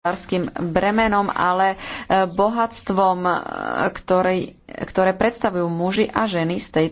hospodárským bremenom, ale e, bohatstvom, e, ktoré, ktoré predstavujú muži a ženy z tejto